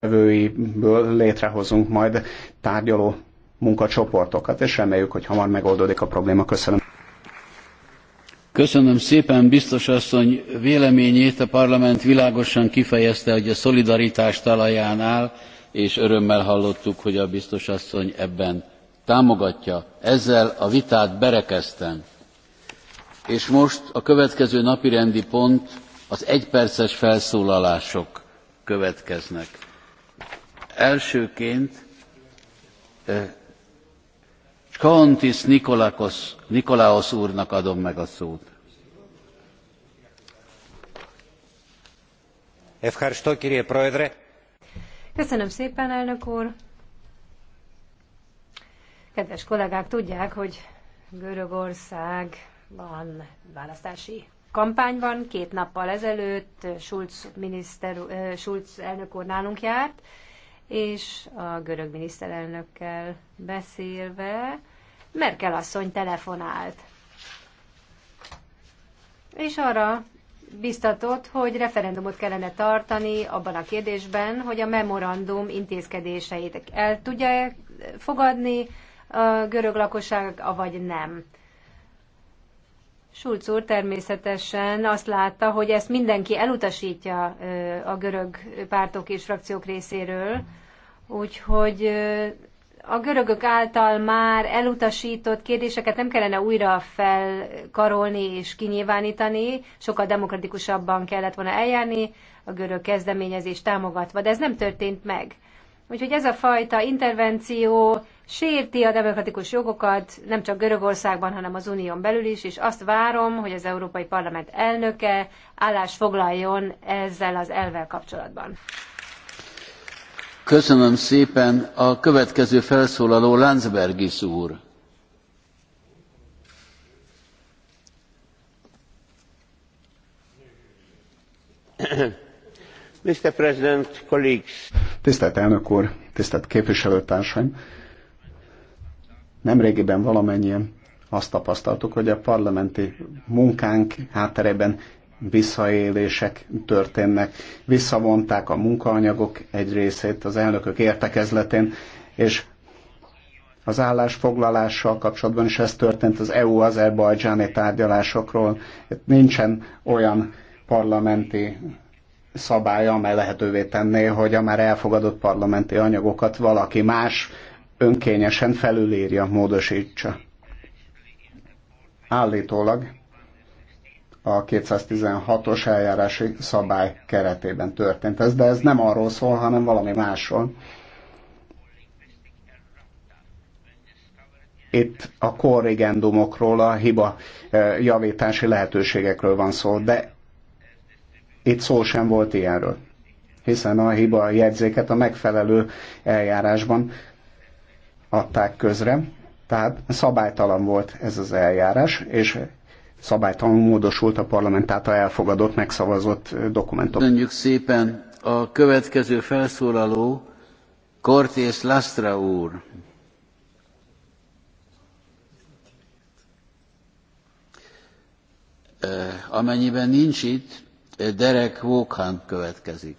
résztvevőiből létrehozunk majd tárgyaló munkacsoportokat, és reméljük, hogy hamar megoldódik a probléma. Köszönöm. Köszönöm szépen biztos asszony véleményét. A parlament világosan kifejezte, hogy a szolidaritás talaján áll, és örömmel hallottuk, hogy a biztos asszony ebben támogatja. Ezzel a vitát berekeztem. És most a következő napirendi pont az egyperces felszólalások következnek. Elsőként Kantis Nikolakos, Nikolaos úrnak adom meg a szót. Köszönöm szépen, elnök úr! Kedves kollégák, tudják, hogy Görögországban választási van két nappal ezelőtt Schulz, miniszter, Schulz elnök úr nálunk járt, és a görög miniszterelnökkel beszélve Merkel asszony telefonált. És arra biztatott, hogy referendumot kellene tartani abban a kérdésben, hogy a memorandum intézkedéseit el tudja fogadni a görög lakosság, avagy nem. Schulz úr természetesen azt látta, hogy ezt mindenki elutasítja a görög pártok és frakciók részéről, úgyhogy a görögök által már elutasított kérdéseket nem kellene újra felkarolni és kinyilvánítani, sokkal demokratikusabban kellett volna eljárni a görög kezdeményezés támogatva, de ez nem történt meg. Úgyhogy ez a fajta intervenció sérti a demokratikus jogokat, nem csak Görögországban, hanem az unión belül is, és azt várom, hogy az Európai Parlament elnöke állás foglaljon ezzel az elvel kapcsolatban. Köszönöm szépen. A következő felszólaló Landsbergis úr. Mr. President, colleagues. Tisztelt elnök úr, tisztelt képviselőtársaim! Nemrégiben valamennyien azt tapasztaltuk, hogy a parlamenti munkánk hátterében visszaélések történnek. Visszavonták a munkaanyagok egy részét az elnökök értekezletén, és az állásfoglalással kapcsolatban is ez történt az EU-azerbajdzsáni tárgyalásokról. Itt nincsen olyan parlamenti szabály, amely lehetővé tenné, hogy a már elfogadott parlamenti anyagokat valaki más önkényesen felülírja, módosítsa. Állítólag a 216-os eljárási szabály keretében történt ez, de ez nem arról szól, hanem valami másról. Itt a korrigendumokról, a hiba eh, javítási lehetőségekről van szó, de itt szó sem volt ilyenről, hiszen a hiba jegyzéket a megfelelő eljárásban adták közre, tehát szabálytalan volt ez az eljárás, és szabálytalanul módosult a parlament által elfogadott, megszavazott dokumentum. Köszönjük szépen. A következő felszólaló Cortés Lastra úr. Eh, amennyiben nincs itt, Derek Vaughan következik.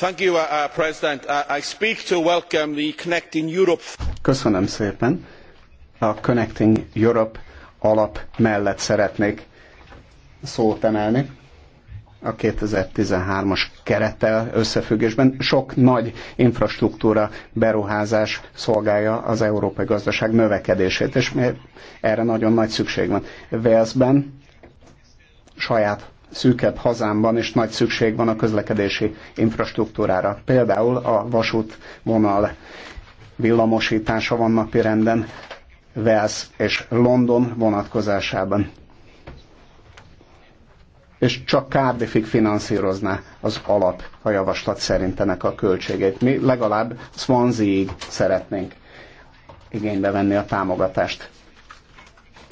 mr uh, uh, president uh, i speak to welcome the connecting europe. köszönöm szépen a connecting europe alap mellett szeretnék szót emelni a thirteen as kerettel összefüggésben. Sok nagy infrastruktúra beruházás szolgálja az európai gazdaság növekedését, és erre nagyon nagy szükség van. Walesben saját szűkebb hazámban is nagy szükség van a közlekedési infrastruktúrára. Például a vasútvonal villamosítása van napi renden Wales és London vonatkozásában. És csak Cardiffig finanszírozná az alap a javaslat szerintenek a költségét. Mi legalább Swansea-ig szeretnénk igénybe venni a támogatást.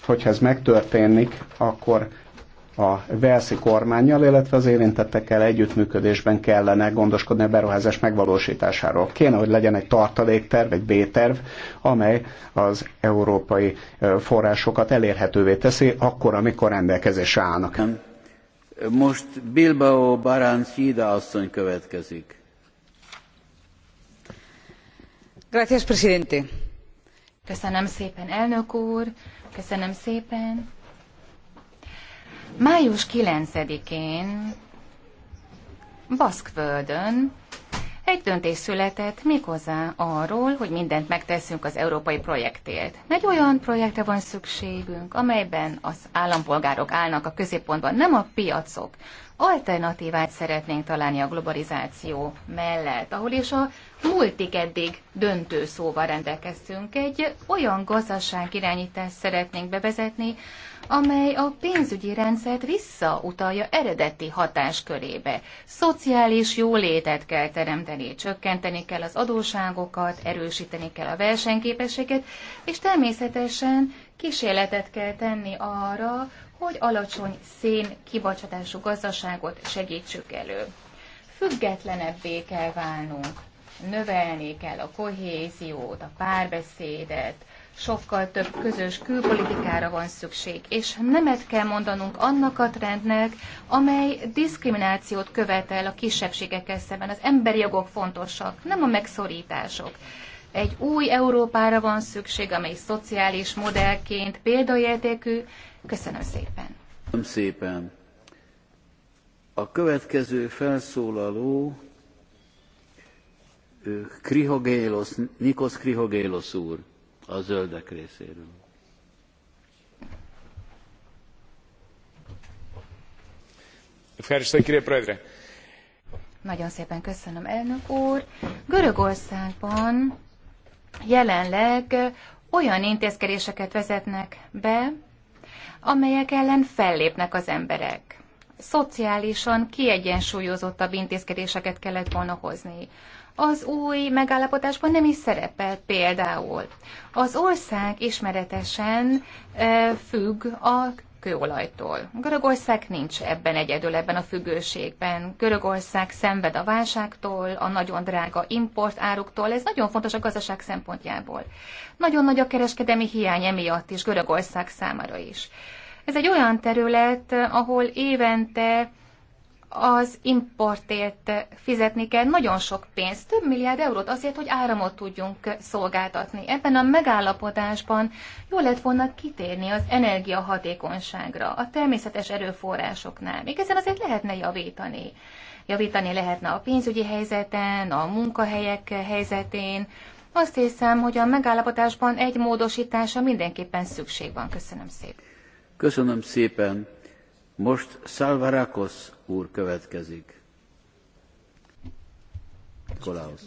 Hogyha ez megtörténik, akkor a Velszi kormányjal, illetve az érintettekkel együttműködésben kellene gondoskodni a beruházás megvalósításáról. Kéne, hogy legyen egy tartalékterv, egy B-terv, amely az európai forrásokat elérhetővé teszi, akkor, amikor rendelkezésre állnak. Most Bilbao Baráncida asszony következik. Gracias, presidente. Köszönöm szépen, elnök úr, köszönöm szépen Május 9-én Baszkvöldön egy döntés született méghozzá arról, hogy mindent megteszünk az európai projektért. Egy olyan projektre van szükségünk, amelyben az állampolgárok állnak a középpontban, nem a piacok alternatívát szeretnénk találni a globalizáció mellett, ahol is a múltig eddig döntő szóval rendelkeztünk. Egy olyan gazdaságirányítást szeretnénk bevezetni, amely a pénzügyi rendszert visszautalja eredeti hatáskörébe. Szociális jólétet kell teremteni, csökkenteni kell az adóságokat, erősíteni kell a versenyképességet, és természetesen kísérletet kell tenni arra, hogy alacsony szén kibocsátású gazdaságot segítsük elő. Függetlenebbé kell válnunk, növelni kell a kohéziót, a párbeszédet, sokkal több közös külpolitikára van szükség, és nemet kell mondanunk annak a trendnek, amely diszkriminációt követel a kisebbségekkel szemben. Az emberi jogok fontosak, nem a megszorítások. Egy új Európára van szükség, amely szociális modellként példaértékű. Köszönöm szépen! Köszönöm szépen! A következő felszólaló Krihogélos, Nikos Krihogélos úr a zöldek részéről. Nagyon szépen köszönöm, elnök úr. Görögországban jelenleg olyan intézkedéseket vezetnek be, amelyek ellen fellépnek az emberek. Szociálisan kiegyensúlyozottabb intézkedéseket kellett volna hozni. Az új megállapotásban nem is szerepel például. Az ország ismeretesen függ a kőolajtól. Görögország nincs ebben egyedül, ebben a függőségben. Görögország szenved a válságtól, a nagyon drága importáruktól, ez nagyon fontos a gazdaság szempontjából. Nagyon nagy a kereskedemi hiány emiatt is Görögország számára is. Ez egy olyan terület, ahol évente az importért fizetni kell nagyon sok pénzt, több milliárd eurót azért, hogy áramot tudjunk szolgáltatni. Ebben a megállapodásban jó lett volna kitérni az energiahatékonyságra, a természetes erőforrásoknál. Még ezen azért lehetne javítani. Javítani lehetne a pénzügyi helyzeten, a munkahelyek helyzetén. Azt hiszem, hogy a megállapodásban egy módosítása mindenképpen szükség van. Köszönöm szépen. Köszönöm szépen. Most Salvarakos úr következik. Nikolaus.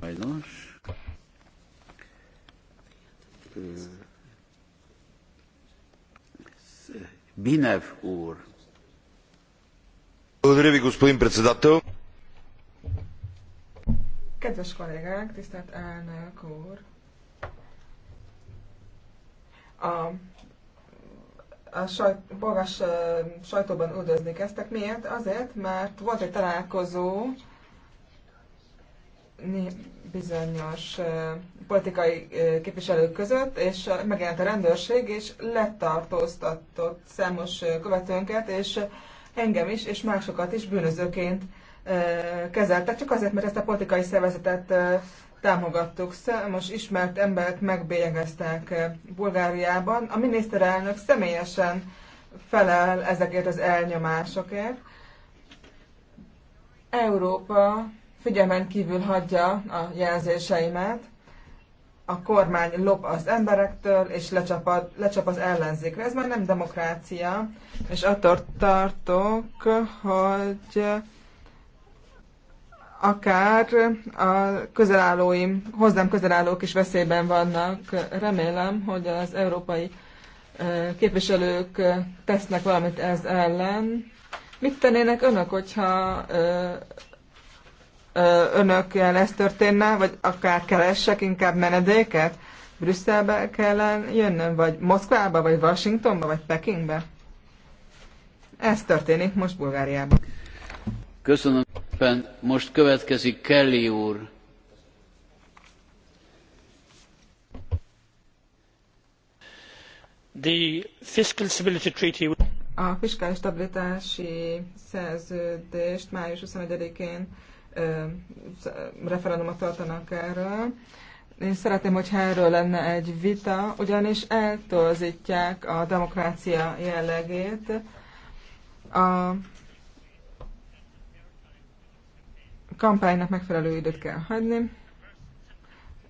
Sajnos. Бинев úr. Kedves kollégák, tisztelt elnök úr! A a sajt, bolgás sajtóban üldözni kezdtek. Miért? Azért, mert volt egy találkozó bizonyos politikai képviselők között, és megjelent a rendőrség, és letartóztatott számos követőnket, és engem is, és másokat is bűnözőként kezeltek, csak azért, mert ezt a politikai szervezetet támogattuk. Számos ismert embert megbélyegeztek eh, Bulgáriában. A miniszterelnök személyesen felel ezekért az elnyomásokért. Európa figyelmen kívül hagyja a jelzéseimet, a kormány lop az emberektől, és lecsap, a, lecsap az ellenzékre. Ez már nem demokrácia, és attól tartok, hogy akár a közelállóim, hozzám közelállók is veszélyben vannak. Remélem, hogy az európai képviselők tesznek valamit ez ellen. Mit tennének önök, hogyha önök ez történne, vagy akár keressek inkább menedéket? Brüsszelbe kellene jönnöm, vagy Moszkvába, vagy Washingtonba, vagy Pekingbe? Ez történik most Bulgáriában. Köszönöm szépen. Most következik Kelly úr. The Fiscal Stability Treaty a fiskális stabilitási szerződést május 21-én referendumot tartanak erről. Én szeretném, hogyha erről lenne egy vita, ugyanis eltorzítják a demokrácia jellegét. A kampánynak megfelelő időt kell hagyni.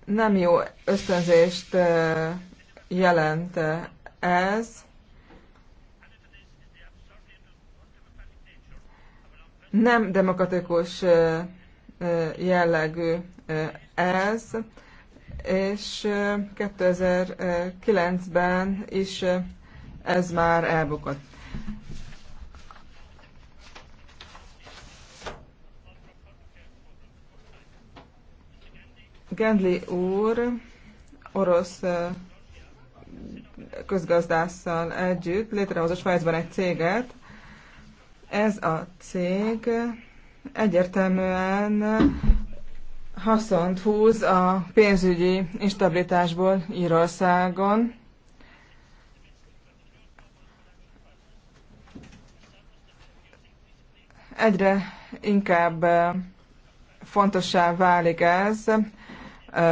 Nem jó ösztönzést jelent ez. Nem demokratikus jellegű ez, és 2009-ben is ez már elbukott. Gendli úr orosz közgazdásszal együtt létrehozott Svájcban egy céget. Ez a cég egyértelműen haszont húz a pénzügyi instabilitásból Írországon. Egyre inkább fontossá válik ez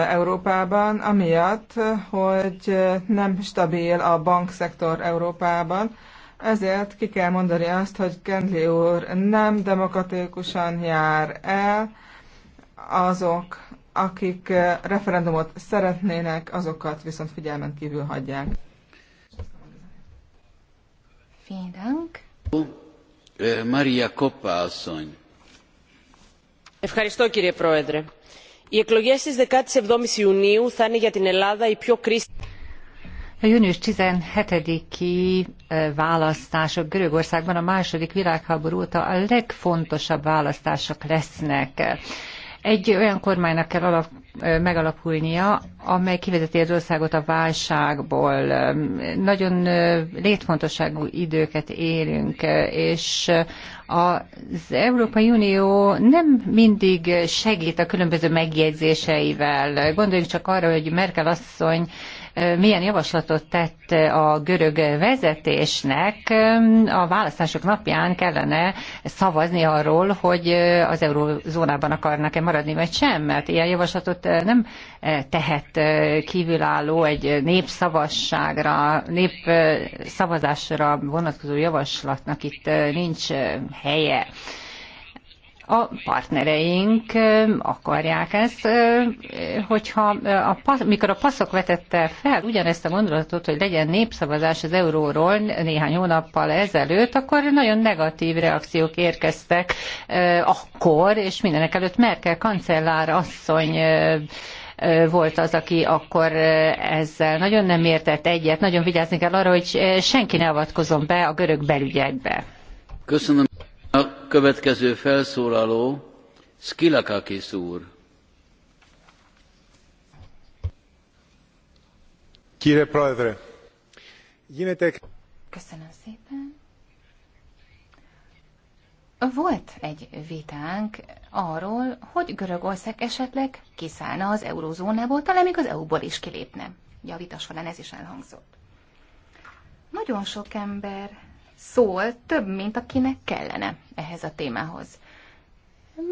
Európában, amiatt, hogy nem stabil a bankszektor Európában. Ezért ki kell mondani azt, hogy Kendli úr nem demokratikusan jár el, azok, akik referendumot szeretnének, azokat viszont figyelmen kívül hagyják. Fényránk. Maria Koppa asszony. Köszönöm, Οι 17 Ιουνίου θα είναι για την Ελλάδα πιο A június 17-i választások Görögországban a második világháború óta a legfontosabb választások lesznek. Egy olyan kormánynak kell alap, megalapulnia, amely kivezeti az országot a válságból. Nagyon létfontosságú időket élünk, és az Európai Unió nem mindig segít a különböző megjegyzéseivel. Gondoljunk csak arra, hogy Merkel asszony milyen javaslatot tett a görög vezetésnek. A választások napján kellene szavazni arról, hogy az eurózónában akarnak-e maradni, vagy sem, mert ilyen javaslatot nem tehet kívülálló egy népszavasságra, népszavazásra vonatkozó javaslatnak itt nincs helye. A partnereink akarják ezt, hogyha a, mikor a passzok vetette fel ugyanezt a gondolatot, hogy legyen népszavazás az euróról néhány hónappal ezelőtt, akkor nagyon negatív reakciók érkeztek akkor, és mindenek előtt Merkel kancellár asszony volt az, aki akkor ezzel nagyon nem értett egyet. Nagyon vigyázni kell arra, hogy senki ne avatkozom be a görög belügyekbe. Köszönöm következő felszólaló Skilakakis úr. Kire Prodre. Köszönöm szépen. Volt egy vitánk arról, hogy Görögország esetleg kiszállna az eurózónából, talán még az EU-ból is kilépne. Ugye a vita során ez is elhangzott. Nagyon sok ember szól több, mint akinek kellene ehhez a témához.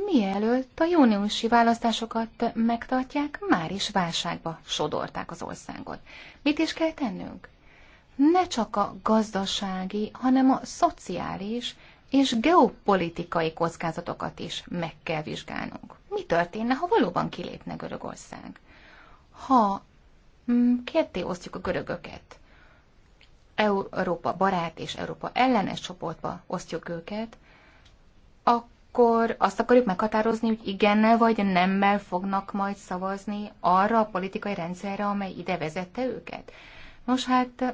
Mielőtt a júniusi választásokat megtartják, már is válságba sodorták az országot. Mit is kell tennünk? Ne csak a gazdasági, hanem a szociális és geopolitikai kockázatokat is meg kell vizsgálnunk. Mi történne, ha valóban kilépne Görögország? Ha mm, ketté osztjuk a görögöket, Európa barát és Európa ellenes csoportba osztjuk őket, akkor azt akarjuk meghatározni, hogy igennel vagy nemmel fognak majd szavazni arra a politikai rendszerre, amely ide vezette őket. Nos hát,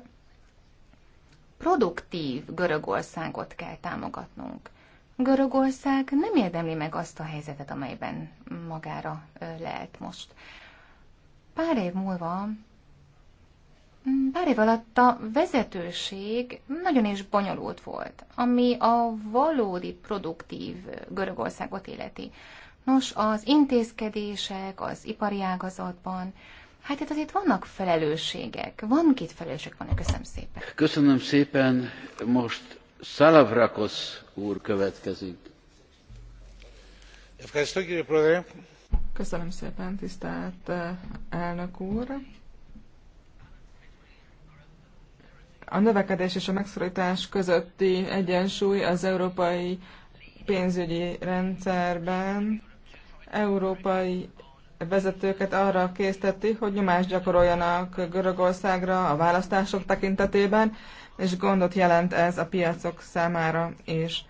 produktív Görögországot kell támogatnunk. Görögország nem érdemli meg azt a helyzetet, amelyben magára lehet most. Pár év múlva Pár év alatt a vezetőség nagyon is bonyolult volt, ami a valódi produktív Görögországot életi. Nos, az intézkedések az ipari ágazatban, hát itt azért vannak felelősségek, van két felelősség van, köszönöm szépen. Köszönöm szépen, most Szalavrakos úr következik. Köszönöm szépen, tisztelt eh, elnök úr. A növekedés és a megszorítás közötti egyensúly az európai pénzügyi rendszerben európai vezetőket arra készteti, hogy nyomást gyakoroljanak Görögországra a választások tekintetében, és gondot jelent ez a piacok számára is.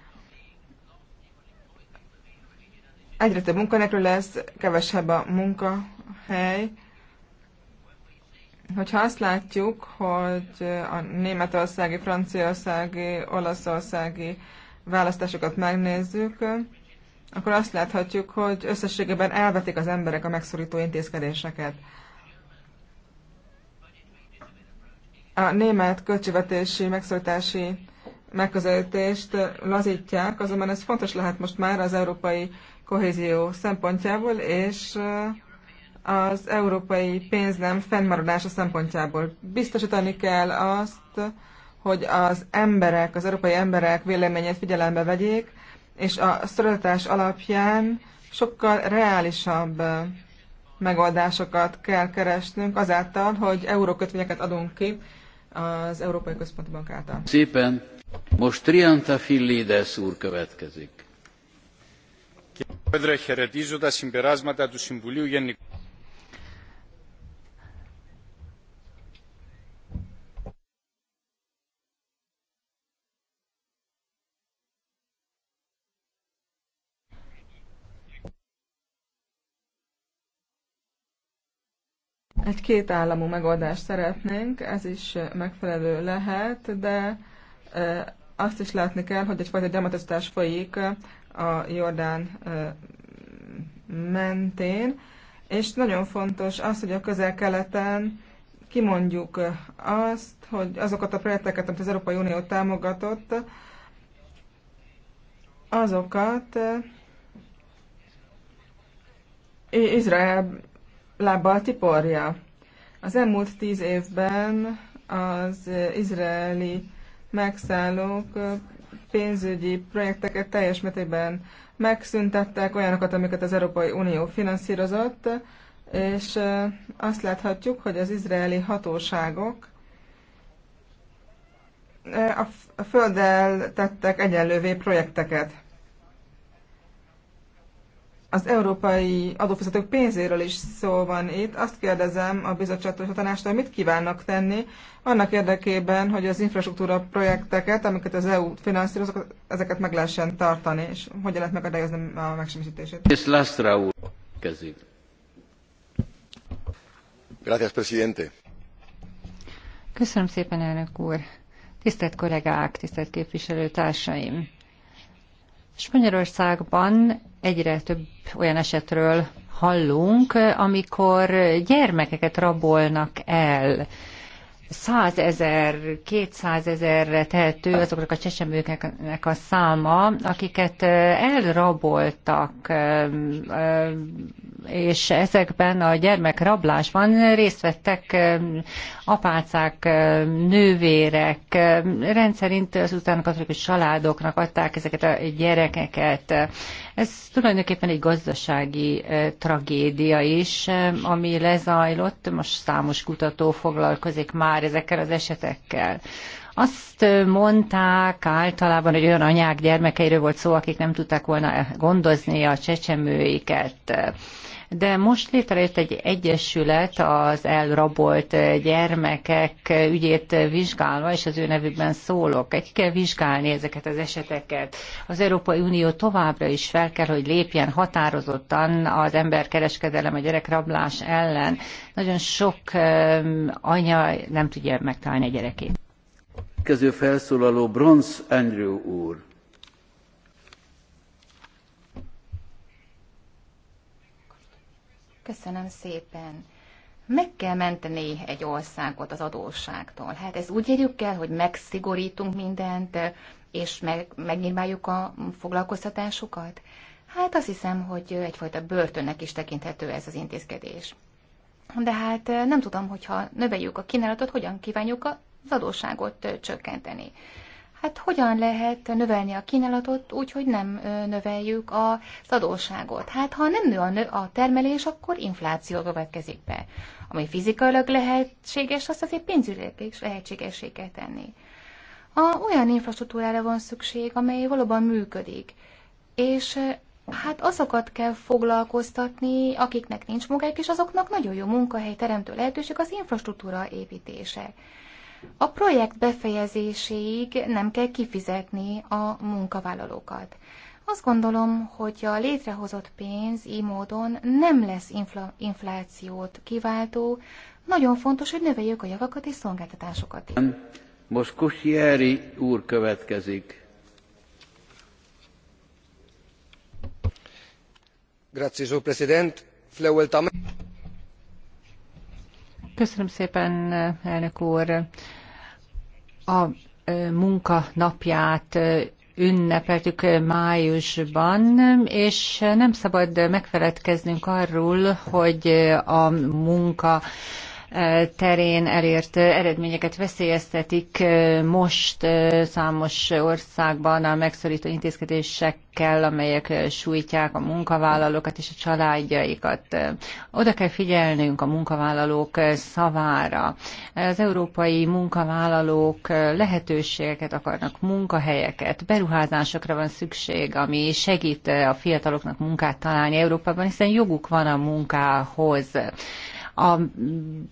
Egyre több munkanélkül lesz, kevesebb a munkahely, Hogyha azt látjuk, hogy a németországi, franciaországi, olaszországi választásokat megnézzük, akkor azt láthatjuk, hogy összességében elvetik az emberek a megszorító intézkedéseket. A német költségvetési megszorítási megközelítést lazítják, azonban ez fontos lehet most már az európai kohézió szempontjából, és az európai pénznem fennmaradása szempontjából. Biztosítani kell azt, hogy az emberek, az európai emberek véleményét figyelembe vegyék, és a szorítás alapján sokkal reálisabb megoldásokat kell keresnünk azáltal, hogy eurókötvényeket adunk ki az Európai Központi Bank által. Szépen. Most Trianta Fillides úr következik. egy két államú megoldást szeretnénk, ez is megfelelő lehet, de azt is látni kell, hogy egyfajta gyarmatosítás folyik a Jordán mentén, és nagyon fontos az, hogy a közel-keleten kimondjuk azt, hogy azokat a projekteket, amit az Európai Unió támogatott, azokat Izrael lábbal tiporja. Az elmúlt tíz évben az izraeli megszállók pénzügyi projekteket teljes mértékben megszüntettek, olyanokat, amiket az Európai Unió finanszírozott, és azt láthatjuk, hogy az izraeli hatóságok a földdel tettek egyenlővé projekteket az európai adófizetők pénzéről is szó van itt. Azt kérdezem a bizottságtól és a tanástól, mit kívánnak tenni annak érdekében, hogy az infrastruktúra projekteket, amiket az EU finanszíroz, ezeket meg lehessen tartani, és hogyan lehet megadályozni a megsemmisítését. És Lászra úr kezdik. Gracias, presidente. Köszönöm szépen, elnök úr. Tisztelt kollégák, tisztelt képviselőtársaim! Spanyolországban egyre több olyan esetről hallunk, amikor gyermekeket rabolnak el. Százezer, kétszázezerre tehető azoknak a csecsemőknek a száma, akiket eh, elraboltak eh, és ezekben a gyermekrablásban részt vettek apácák, nővérek, rendszerint azután katolikus családoknak adták ezeket a gyerekeket. Ez tulajdonképpen egy gazdasági tragédia is, ami lezajlott, most számos kutató foglalkozik már ezekkel az esetekkel. Azt mondták általában, hogy olyan anyák gyermekeiről volt szó, akik nem tudták volna gondozni a csecsemőiket de most létrejött egy egyesület az elrabolt gyermekek ügyét vizsgálva, és az ő nevükben szólok. Egy kell vizsgálni ezeket az eseteket. Az Európai Unió továbbra is fel kell, hogy lépjen határozottan az emberkereskedelem, a gyerekrablás ellen. Nagyon sok anya nem tudja megtalálni a gyerekét. Következő felszólaló Bronz Andrew úr. Köszönöm szépen. Meg kell menteni egy országot az adósságtól. Hát ez úgy érjük el, hogy megszigorítunk mindent, és meg, megnyilváljuk a foglalkoztatásukat? Hát azt hiszem, hogy egyfajta börtönnek is tekinthető ez az intézkedés. De hát nem tudom, hogyha növeljük a kínálatot, hogyan kívánjuk az adósságot csökkenteni. Hát hogyan lehet növelni a kínálatot úgy, hogy nem növeljük az adósságot? Hát ha nem nő a, nő a termelés, akkor infláció következik be. Ami fizikailag lehetséges, azt azért pénzügyileg is lehetségessé kell tenni. A, olyan infrastruktúrára van szükség, amely valóban működik. És hát azokat kell foglalkoztatni, akiknek nincs munkájuk, és azoknak nagyon jó munkahely teremtő lehetőség az infrastruktúra építése. A projekt befejezéséig nem kell kifizetni a munkavállalókat. Azt gondolom, hogy a létrehozott pénz így módon nem lesz infla- inflációt kiváltó. Nagyon fontos, hogy növeljük a javakat és szolgáltatásokat. Most Kusieri úr következik. Grazie, President. Köszönöm szépen, elnök úr. A munka napját ünnepeltük májusban, és nem szabad megfeledkeznünk arról, hogy a munka terén elért eredményeket veszélyeztetik most számos országban a megszorító intézkedésekkel, amelyek sújtják a munkavállalókat és a családjaikat. Oda kell figyelnünk a munkavállalók szavára. Az európai munkavállalók lehetőségeket akarnak, munkahelyeket, beruházásokra van szükség, ami segít a fiataloknak munkát találni Európában, hiszen joguk van a munkához a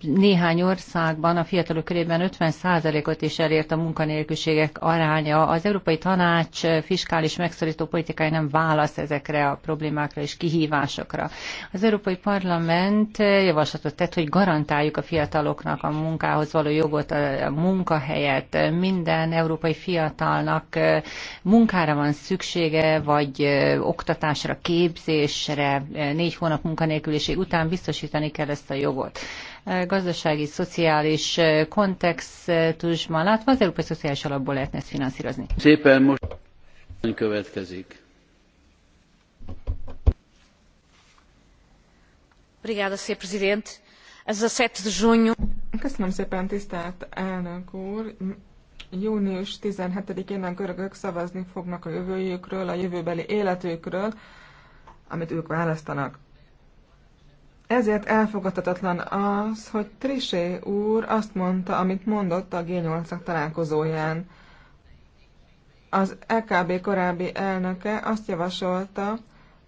néhány országban a fiatalok körében 50%-ot is elért a munkanélküliségek aránya. Az Európai Tanács fiskális megszorító politikai nem válasz ezekre a problémákra és kihívásokra. Az Európai Parlament javaslatot tett, hogy garantáljuk a fiataloknak a munkához való jogot, a munkahelyet. Minden európai fiatalnak munkára van szüksége, vagy oktatásra, képzésre, négy hónap munkanélküliség után biztosítani kell ezt a jogot jogot. Gazdasági, szociális kontextusban látva az Európai Szociális Alapból lehetne ezt finanszírozni. Szépen most következik. Obrigada, Sr. Presidente. A 17 de junho. Köszönöm szépen, tisztelt elnök úr! Június 17-én a görögök szavazni fognak a jövőjükről, a jövőbeli életükről, amit ők választanak. Ezért elfogadhatatlan az, hogy Trisé úr azt mondta, amit mondott a g 8 találkozóján. Az LKB e korábbi elnöke azt javasolta,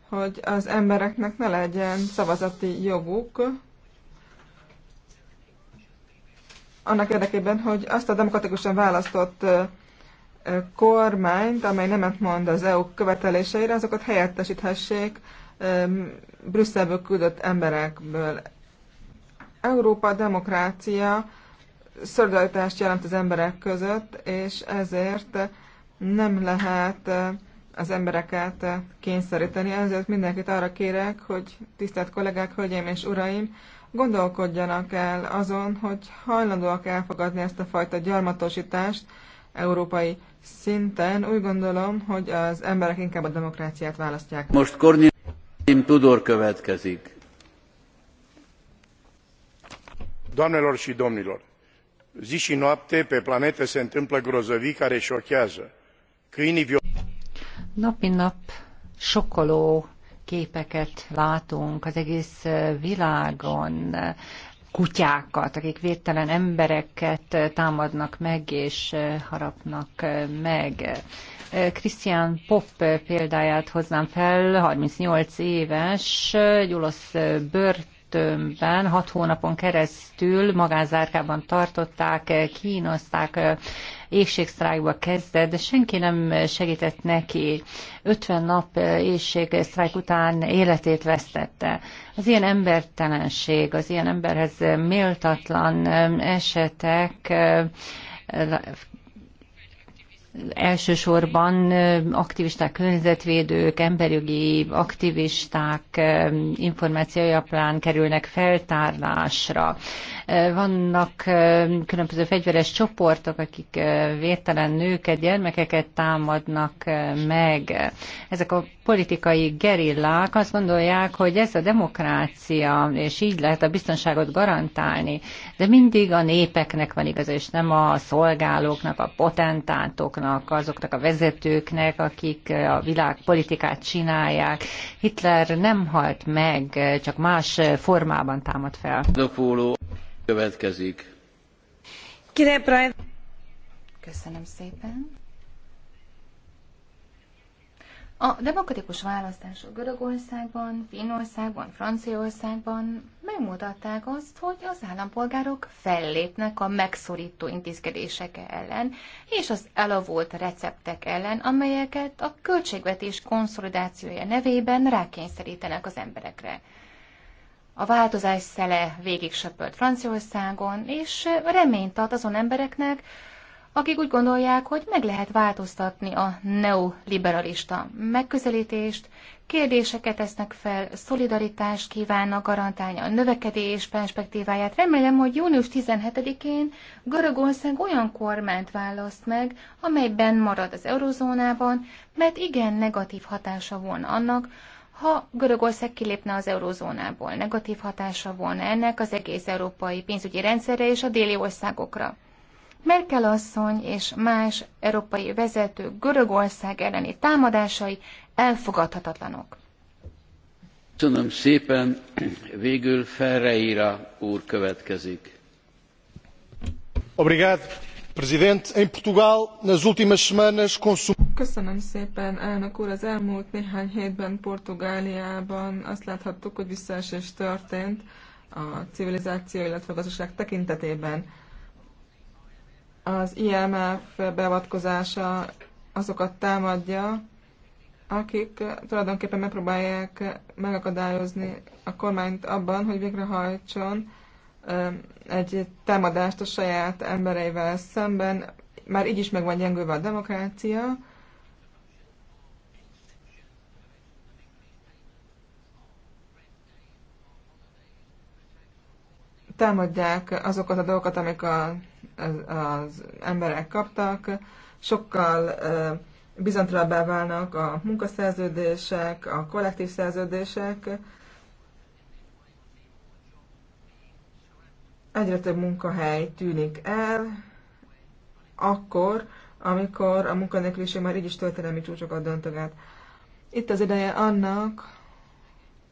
hogy az embereknek ne legyen szavazati joguk, annak érdekében, hogy azt a demokratikusan választott kormányt, amely nemet mond az EU követeléseire, azokat helyettesíthessék Brüsszelből küldött emberekből. Európa demokrácia szolidaritást jelent az emberek között, és ezért nem lehet az embereket kényszeríteni. Ezért mindenkit arra kérek, hogy tisztelt kollégák, hölgyeim és uraim, gondolkodjanak el azon, hogy hajlandóak elfogadni ezt a fajta gyarmatosítást európai szinten. Úgy gondolom, hogy az emberek inkább a demokráciát választják. Most Korni- Tim Tudor következik. Doamnelor și domnilor, zi și noapte pe planetă se întâmplă grozăvii care șochează. Câinii viol... Nap mint nap sokkoló képeket látunk az egész világon kutyákat, akik védtelen embereket eh, támadnak meg és eh, harapnak eh, meg. Christian Pop példáját hoznám fel, 38 éves, egy olasz börtönben, hat hónapon keresztül magánzárkában tartották, kínozták, éjségsztrájkba kezdett, de senki nem segített neki. 50 nap éjségsztrájk után életét vesztette. Az ilyen embertelenség, az ilyen emberhez méltatlan esetek elsősorban aktivisták, környezetvédők, emberjogi aktivisták információjaplán kerülnek feltárlásra. Vannak különböző fegyveres csoportok, akik vételen nőket, gyermekeket támadnak meg. Ezek a politikai gerillák azt gondolják, hogy ez a demokrácia, és így lehet a biztonságot garantálni, de mindig a népeknek van igaza, és nem a szolgálóknak, a potentátoknak, azoknak a vezetőknek, akik a világ politikát csinálják. Hitler nem halt meg, csak más formában támad fel. Köszönöm szépen. A demokratikus választások Görögországban, Finnországban, Franciaországban megmutatták azt, hogy az állampolgárok fellépnek a megszorító intézkedések ellen és az elavult receptek ellen, amelyeket a költségvetés konszolidációja nevében rákényszerítenek az emberekre a változás szele végig söpölt Franciaországon, és reményt ad azon embereknek, akik úgy gondolják, hogy meg lehet változtatni a neoliberalista megközelítést, kérdéseket tesznek fel, szolidaritást kívánnak garantálni a növekedés perspektíváját. Remélem, hogy június 17-én Görögország olyan kormányt választ meg, amelyben marad az eurozónában, mert igen negatív hatása volna annak, ha Görögország kilépne az eurózónából. Negatív hatása volna ennek az egész európai pénzügyi rendszerre és a déli országokra. Merkel asszony és más európai vezető Görögország elleni támadásai elfogadhatatlanok. Köszönöm szépen. Végül Ferreira úr következik. Obrigado. Presidente, em Portugal, nas últimas semanas consum... Köszönöm szépen, elnök úr. Az elmúlt néhány hétben Portugáliában azt láthattuk, hogy visszaesés történt a civilizáció, illetve a gazdaság tekintetében. Az IMF beavatkozása azokat támadja, akik tulajdonképpen megpróbálják megakadályozni a kormányt abban, hogy végrehajtson egy támadást a saját embereivel szemben, már így is meg van gyengülve a demokrácia, támadják azokat a dolgokat, amik a, az, az emberek kaptak, sokkal bizantrabbá bizonytalanabbá válnak a munkaszerződések, a kollektív szerződések, egyre több munkahely tűnik el, akkor, amikor a munkanélküliség már így is történelmi csúcsokat döntöget. Itt az ideje annak,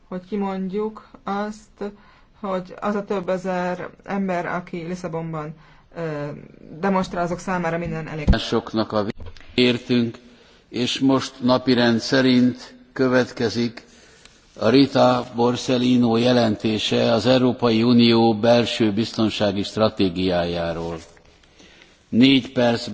hogy kimondjuk azt, hogy az a több ezer ember, aki Lisszabonban demonstrál, azok számára minden elég. Soknak a értünk, és most napirend szerint következik a Rita Borsellino jelentése az Európai Unió belső biztonsági stratégiájáról. Négy perc.